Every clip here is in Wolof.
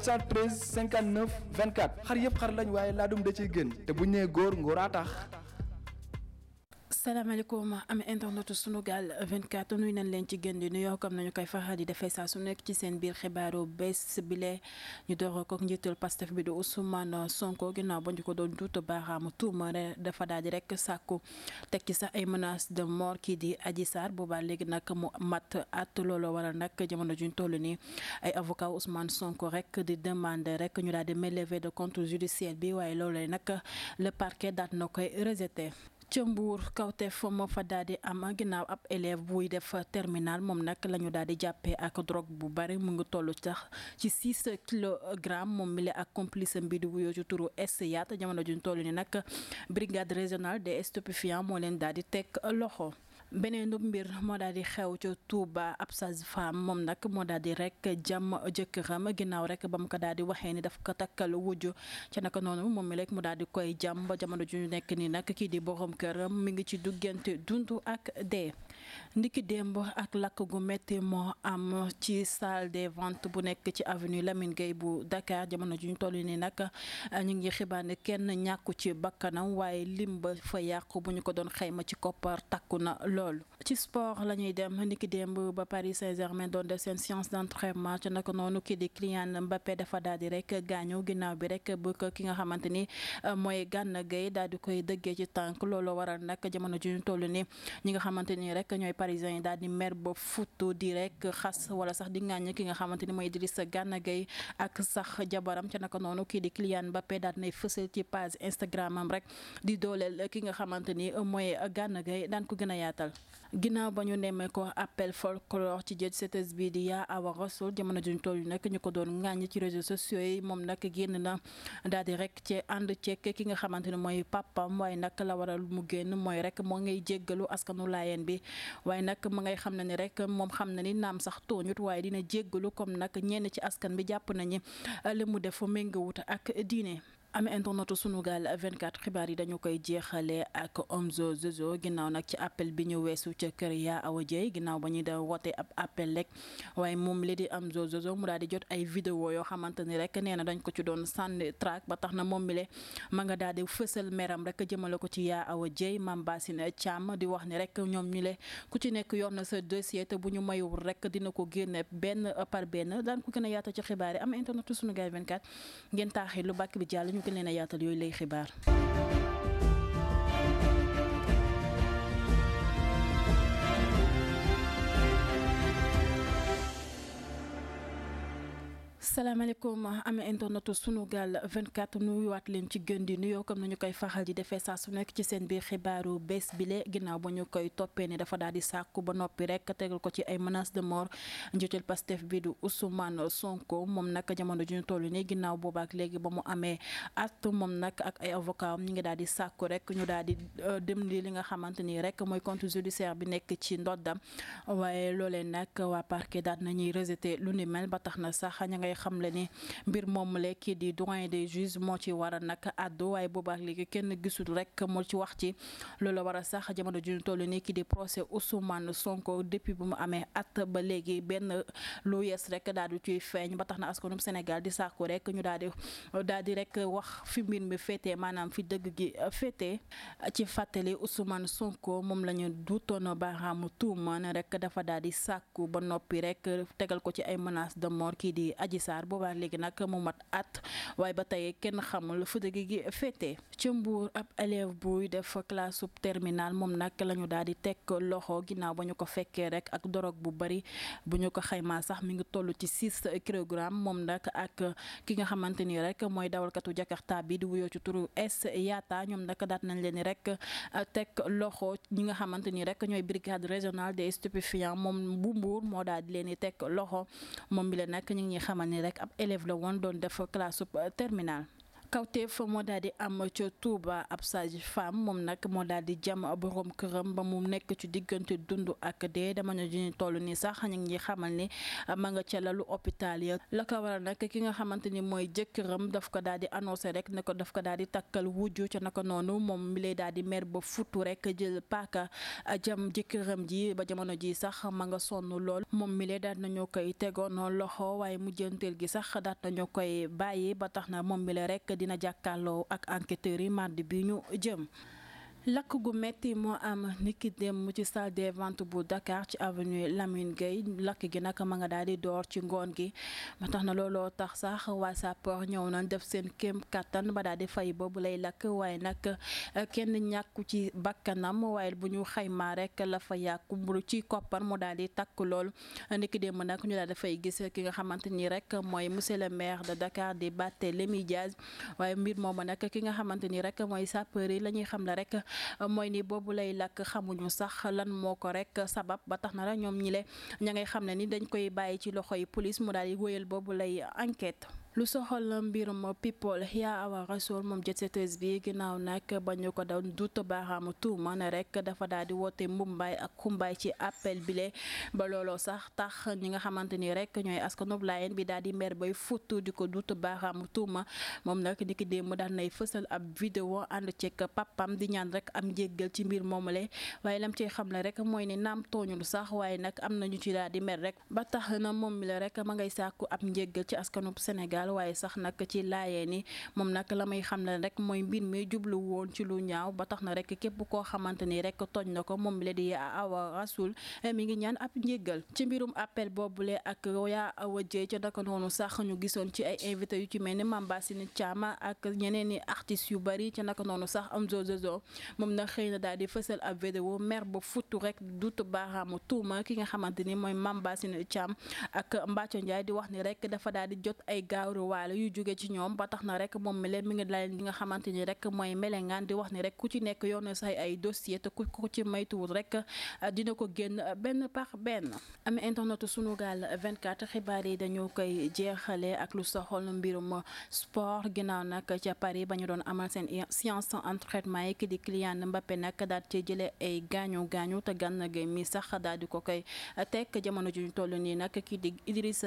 713 59 24 xar yëpp xar lañ waaye laadum da ciy gën te buñ nee góor ngóoraa tax salaamaaleykum am internetu Sunugal 24 nuyu nañ leen ci gën di nuyoo comme nañu koy faral di defee saa su nekk ci seen biir xibaaru bés bile ñu door ko njiital Pastef bi di Ousmane Sonko ginnaaw ba ñu ko doon duut baaraamu tuuma dafa daal di rek sàkku teg ci sax ay menaces de mort kii di Adji Sarr boobaa léegi nag mu mat at looloo wala nag jamono juñ toll nii ay avocat Ousmane Sonko rek di demander rek ñu daal di melever de compte judiciaire bi waaye loolee nag le parquet daat na koy rejeté. ca Mbour kawteef moo fa daal di am ginnaaw ab élève buy def terminal moom nag la ñu daal di jàppee ak drogue bu bari mu ngi toll sax ci 6 kilogrammes moom mi ak complice am bi di wuyoo ci turu SYAT jamono juñ toll ni nag brigade régionale des stupéfiants moo leen daal di teg loxo. beneen mbir moo daal di xew ca Touba ab sage-femme moom nag moo daal di rek jàmm jëkkëram ginnaaw rek ba mu ko daal di waxee ni daf ko takkal wujj ca naka noonu moom mi rek mu daal di koy jàmm ba jamono ju ñu nekk nii nag kii di borom këram mi ngi ci duggante dund ak dee. démb ak lakk gu métti moo am ci salle des ventes bu nekk ci avenue Lamine Gueye bu Dakar jamono ju ñu toll nii nag ñu ngi xibaar kenn ñàkku ci bakkanam waaye lim ba fa yàqu bu ñu ko doon xayma ci koppar takku na. loolu ci sport la ñuy dem niki démb ba Paris Saint-Germain doon def seen séance d'entraînement ci naka noonu kii di Kylian Mbappé dafa di ko ki nga xamante ni euh, mooy Gana Gueye daal di koy dëggee ci tànk loolu waral nag jamono ji ñu toll ni ñi di mer ba futu di ni mooy Idrissa Gana Gueye ak sax jabaram ci naka di Kylian Mbappé daal di nay fësal ci page Instagram am rek di dooleel ki nga xamante mooy Gana Gueye daan ko gën a yaatal waral ginnaaw ba ñu nemmee ko appel folklore ci jëj setes bi di yaa awa rasul jamono juñ toll nag ñu ko doon ŋàññi ci réseaux sociaux yi moom nag génn na daal di rek ci ànd ceek ki nga xamante ne mooy papam waaye nag la waral mu génn mooy rek moo ngay jéggalu askanu laayeen bi waaye nag ma ngay xam ne ni rek moom xam na ni naam sax tooñut waaye dina jéggalu comme nag ñenn ci askan bi jàpp nañu li mu def méngawut ak diine am internetu Sunugal 24 xibaar yi dañu koy jeexale ak Omzo Jojo ginnaaw nag ci appel bi ñu weesu ca kër yaa Awa Dieye ginnaaw ba ñuy da woote ab appel rek waaye moom li di am Jojo mu daal di jot ay vidéo yoo xamante ni rek nee na dañ ko ci doon sànni track ba tax na moom mi le ma nga daal di fësal meram rek jëmale ko ci yaa Awa Dieye Mame Bassine Thiam di wax ni rek ñoom ñu le ku ci nekk yor na sa dossier te bu ñu mayul rek dina ko génne benn par benn daan ko gën a xibaar yi am internetu Sunugal 24 ngeen taaxee lu bàkk bi jàll ñu gën leen a yaatal yooyu lay xibaar. salaamaaleykum am internetu Sunugal 24 nuyuwaat leen ci gën di nuyoo comme nañu koy faxal di defee saa su nekk ci seen biir xibaaru bés bile ginnaaw ba ñu koy toppee ne dafa daal di sàkku ba noppi rek tegal ko ci ay menaces de mort njiitul Pastef bi du Ousmane Sonko moom nag jamono ji ñu toll nii ginnaaw boobaak léegi ba mu amee at moom nag ak ay avocat am ñu ngi daal di sàkku rek ñu daal di euh, dem li li nga xamante ni rek mooy compte judiciaire bi nekk ci ndoddam waaye loolee nag waa parquet daal nañuy rejeté lu ni ba tax na sax ña ngay xamle ni mbir moom la kii di doyen des juges moo ci war a nag àddu waaye boobaak léegi kenn rek moo ci wax ci loolu war a sax jamono ju ñu toll nii kii di procès Ousmane Sonko depuis bu mu amee ba léegi benn lu yees rek daal di feeñ ba tax na askanum Sénégal di sàkku rek ñu daal di di rek wax fi mbir mi féetee maanaam fi gi féetee ci fàttali Ousmane Sonko moom la ñu duutoon baaraamu tuuma ne rek dafa daal di sàkku ba noppi rek tegal ko ci ay menaces de mort kii di Adji Sarr Sarr boobaa léegi nag mu mat at waaye ba tey kenn xamul fu dëgg gi féete ci Mbour ab élève buy def classe sub terminale moom nag la ñu daal di teg loxo ginnaaw ba ñu ko fekkee rek ak doroog bu bari bu ñu ko xaymaa sax mi ngi toll ci six kilogramme moom nag ak ki nga xamante ni rek mooy dawalkatu Jakarta bi di wuyoo ci turu Yaata ñoom nag daat nañ leen ni rek teg loxo ñi nga xamante ni rek ñooy brigade régionale des stupéfiants moom bu Mbour moo daal leen di loxo moom bi la nag ñu ngi xamal ni rek ab élève la woon doon def classe euh, terminale kawteef moo daal di am ca Touba ab sage femme moom nag moo daal di jam boroom këram ba mu nekk ci diggante dund ak dee dama ñu ñu toll nii sax ñu ngi xamal ni ma nga ca lalu hôpital ya la ko waral nag ki nga xamante ni mooy jëkkëram daf ko daal di annoncé rek ne ko daf ko daal di takkal wujju ca naka noonu moom mi lay daal di mer ba futu rek jël paaka a jam jëkkëram ji ba jamono ji sax ma nga sonn lool moom mi lay daal nañoo koy tegoon loxo waaye mujjanteel gi sax daat nañoo koy bàyyi ba tax naa moom mi lay rek. dina jàkkaarloo ak enquêteurs yi mardi bi ñu jëm. lakk gu metti moo am niki dem mu ci salle des ventes bu Dakar ci avenue Lamine Gueye lakk gi nag ma nga daal di door ci ngoon gi ma tax na looloo tax sax waa sapeur ñëw nañ def seen kéem kattan ba daal di fay boobu lay lakk waaye nag eh, kenn ñàkku ci bakkanam waaye bu ñu xaymaa rek la fa yàqu mburu ci koppar mu daal di takk lool niki dem nag ñu daal dafay gis ki nga xamante ni rek mooy monsieur le maire de Dakar di Barthélémy Dias waaye mbir moomu nag ki nga xamante ni rek mooy sapeur yi la ñuy xam la rek. mooy ni boobu lay lakk xamuñu sax lan moo ko rek sabab ba tax na la ñoom ñi le ña ngay xam ne ni dañ koy bàyyi ci loxo yi police mu daal yi wéyal boobu lay enquête lu soxal mbirum people Yaa Awa Rassoul moom jet setteuse bi ginnaaw nag ba ñu ko daw duut baaraamu tuuma ne rek dafa daal di woote mbumbaay ak xumbaay ci appel bile ba looloo sax tax ñi nga xamante ni rek ñooy askanub Laayeen bi daal di mer bay futt di ko duut baaraamu tuuma moom nag niki démb daal nay fësal ab video ànd cek papam di ñaan rek am njéggal ci mbir moomule waaye lam ci xam ne rek mooy ne naam tooñul sax waaye nag am nañu ci daal di mer rek ba tax na moom mi rek ma ngay sàkku ab njéggal ci askanub Sénégal Sénégal waaye sax nag ci laayee ni moom nag la muy xam ne rek mooy mbir mi jublu woon ci lu ñaaw ba tax na rek képp koo xamante ni rek tooñ na ko moom la di Awa Rassoul eh, mi ngi ñaan ab njéggal ci mbirum appel boobule ak yaa Awa Dieye ca naka noonu sax ñu gisoon ci ay invité yu ci mel ni Mame Bassine Thiam ak ñeneen i artistes yu bari ca naka noonu sax am zozozo moom nag xëy na daal di fësal ab vidéo mer ba futtu rek duut baaraamu tuuma ki nga xamante ni mooy Mame Bassine Thiam ak Mbathio Ndiaye di wax ni rek dafa daal jot ay gaaw awru waalo yu jóge ci ñoom ba tax na rek moom mi leen mi ngi daal li nga xamante ni mooy melengaan di wax ni rek ku ci nekk yor na say ay dossier te ku ku ci maytuwul rek ah, dina ko génn benn par benn am internet Sunugal 24 xibaar yi dañu koy jeexale ak lu soxol mbirum sport ginnaaw nag ca Paris ba ñu doon amal seen séance entraînement yi ki di Kylian Mbappé nag daal ci jële ay gaañu gaañu te Gana Gueye mi sax daal di ko koy tekk jamono ju ñu toll nii nag kii di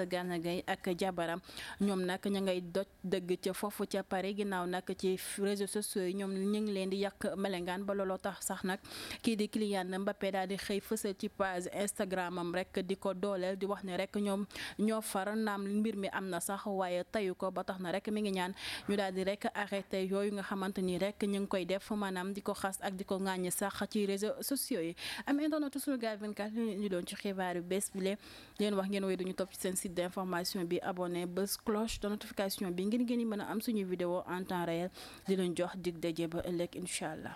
Gana Gueye ak nag ña ngay doj dëgg ca foofu ca Paris ginnaaw nag ci réseaux sociaux yi ñoom ñu ngi leen di yàq melengaan ba looloo tax sax nag kii di Kylian Mbappé daal di xëy fësal ci page Instagram am rek di ko dooleel di wax ne rek ñoom ñoo far naam mbir mi am na sax waaye tayu ko ba tax na rek mi ngi ñaan ñu daal di rek arrêté yooyu nga xamante ni rek ñu ngi koy def maanaam di ko xas ak di ko ŋàññi sax ci réseaux sociaux yi am internet Sunugal 24 li ñu doon ci xibaaru wax ngeen wéy duñu topp ci seen bi ton notification bi ngeen gën a mën a am suñu video en temps réel di leen jox dig daje ba ëllëg incha allah.